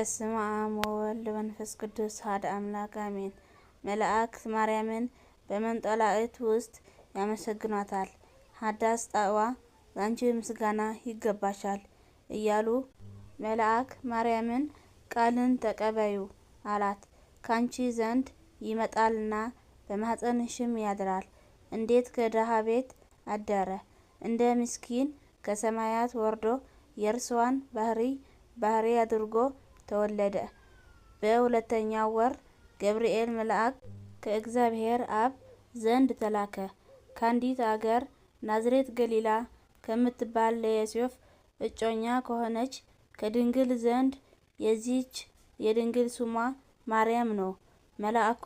በስመ አብ ወወልድ ወመንፈስ ቅዱስ አሐዱ አምላክ አሜን። መላእክት ማርያምን በመንጦላዕት ውስጥ ያመሰግኗታል። ሀዳስ ጣዕዋ ላንቺ ምስጋና ይገባሻል እያሉ መልአክ ማርያምን ቃልን ተቀበዩ አላት። ካንቺ ዘንድ ይመጣልና በማኅፀንሽም ያድራል። እንዴት ከድሃ ቤት አደረ እንደ ምስኪን ከሰማያት ወርዶ የእርስዋን ባህሪ ባህሪ አድርጎ ተወለደ። በሁለተኛው ወር ገብርኤል መልአክ ከእግዚአብሔር አብ ዘንድ ተላከ። ካንዲት አገር ናዝሬት ገሊላ ከምትባል ለዮሴፍ እጮኛ ከሆነች ከድንግል ዘንድ የዚች የድንግል ስሟ ማርያም ነው። መልአኩ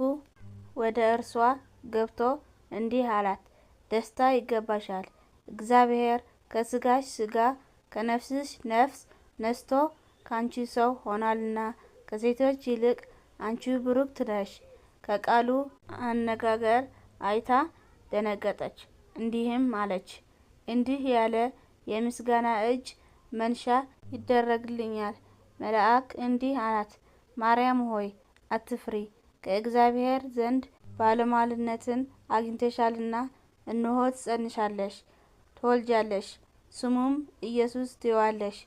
ወደ እርሷ ገብቶ እንዲህ አላት፣ ደስታ ይገባሻል፣ እግዚአብሔር ከስጋሽ ስጋ ከነፍስሽ ነፍስ ነስቶ ከአንቺ ሰው ሆናልና ከሴቶች ይልቅ አንቺ ብሩክት ነሽ። ከቃሉ አነጋገር አይታ ደነገጠች፣ እንዲህም አለች፣ እንዲህ ያለ የምስጋና እጅ መንሻ ይደረግልኛል። መልአክ እንዲህ አላት፣ ማርያም ሆይ አትፍሪ፣ ከእግዚአብሔር ዘንድ ባለሟልነትን አግኝተሻልና፣ እነሆ ትጸንሻለሽ፣ ትወልጃለሽ፣ ስሙም ኢየሱስ ትዪዋለሽ።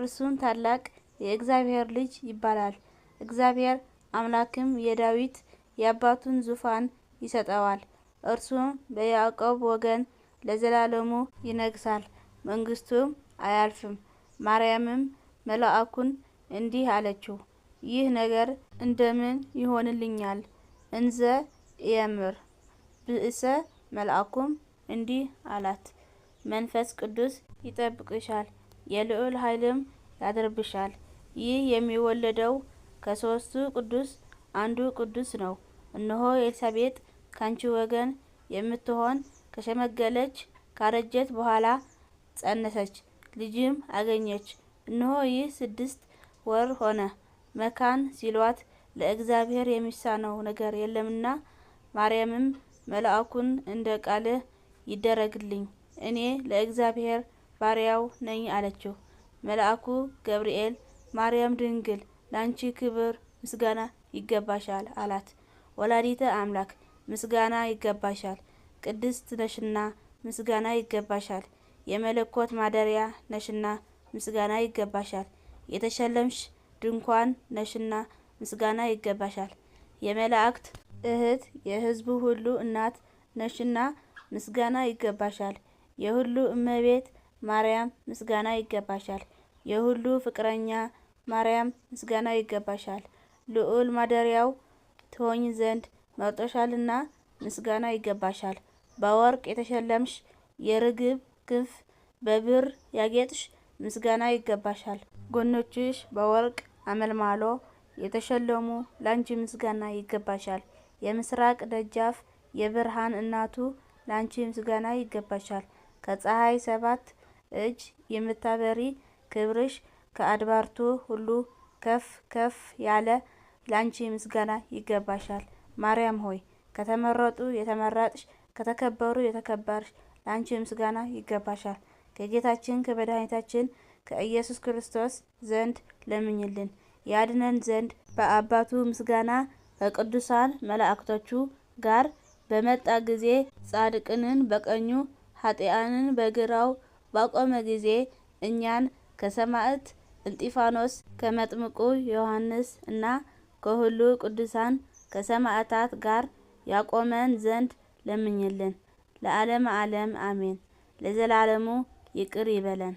እርሱን ታላቅ የእግዚአብሔር ልጅ ይባላል። እግዚአብሔር አምላክም የዳዊት የአባቱን ዙፋን ይሰጠዋል። እርሱም በያዕቆብ ወገን ለዘላለሙ ይነግሳል፣ መንግስቱም አያልፍም። ማርያምም መልአኩን እንዲህ አለችው፣ ይህ ነገር እንደምን ይሆንልኛል? እንዘ የምር ብእሰ መልአኩም እንዲህ አላት፣ መንፈስ ቅዱስ ይጠብቅሻል፣ የልዑል ኃይልም ያደርብሻል። ይህ የሚወለደው ከሶስቱ ቅዱስ አንዱ ቅዱስ ነው። እነሆ ኤልሳቤጥ ካንቺ ወገን የምትሆን ከሸመገለች ካረጀት በኋላ ጸነሰች፣ ልጅም አገኘች። እነሆ ይህ ስድስት ወር ሆነ፣ መካን ሲሏት ለእግዚአብሔር የሚሳነው ነገር የለምና። ማርያምም መልአኩን እንደ ቃልህ ይደረግልኝ፣ እኔ ለእግዚአብሔር ባሪያው ነኝ አለችው። መልአኩ ገብርኤል ማርያም ድንግል ላንቺ ክብር ምስጋና ይገባሻል አላት። ወላዲተ አምላክ ምስጋና ይገባሻል፣ ቅድስት ነሽና ምስጋና ይገባሻል። የመለኮት ማደሪያ ነሽና ምስጋና ይገባሻል። የተሸለምሽ ድንኳን ነሽና ምስጋና ይገባሻል። የመላእክት እህት የሕዝቡ ሁሉ እናት ነሽና ምስጋና ይገባሻል። የሁሉ እመቤት ማርያም ምስጋና ይገባሻል። የሁሉ ፍቅረኛ ማርያም ምስጋና ይገባሻል፣ ልዑል ማደሪያው ትሆኝ ዘንድ መርጦሻልና ምስጋና ይገባሻል። በወርቅ የተሸለምሽ የርግብ ክንፍ በብር ያጌጥሽ ምስጋና ይገባሻል። ጎኖችሽ በወርቅ አመልማሎ የተሸለሙ ላንቺ ምስጋና ይገባሻል። የምስራቅ ደጃፍ የብርሃን እናቱ ላንቺ ምስጋና ይገባሻል። ከፀሐይ ሰባት እጅ የምታበሪ ክብርሽ ከአድባርቱ ሁሉ ከፍ ከፍ ያለ ለአንቺ ምስጋና ይገባሻል። ማርያም ሆይ ከተመረጡ የተመረጥሽ ከተከበሩ የተከበርሽ ለአንቺ ምስጋና ይገባሻል። ከጌታችን ከመድኃኒታችን ከኢየሱስ ክርስቶስ ዘንድ ለምኝልን። ያድነን ዘንድ በአባቱ ምስጋና ከቅዱሳን መላእክቶቹ ጋር በመጣ ጊዜ ጻድቅንን በቀኙ ኃጢአንን በግራው ባቆመ ጊዜ እኛን ከሰማዕት እስጢፋኖስ ከመጥምቁ ዮሐንስ እና ከሁሉ ቅዱሳን ከሰማዕታት ጋር ያቆመን ዘንድ ለምኝልን። ለዓለም ዓለም አሜን። ለዘላለሙ ይቅር ይበለን።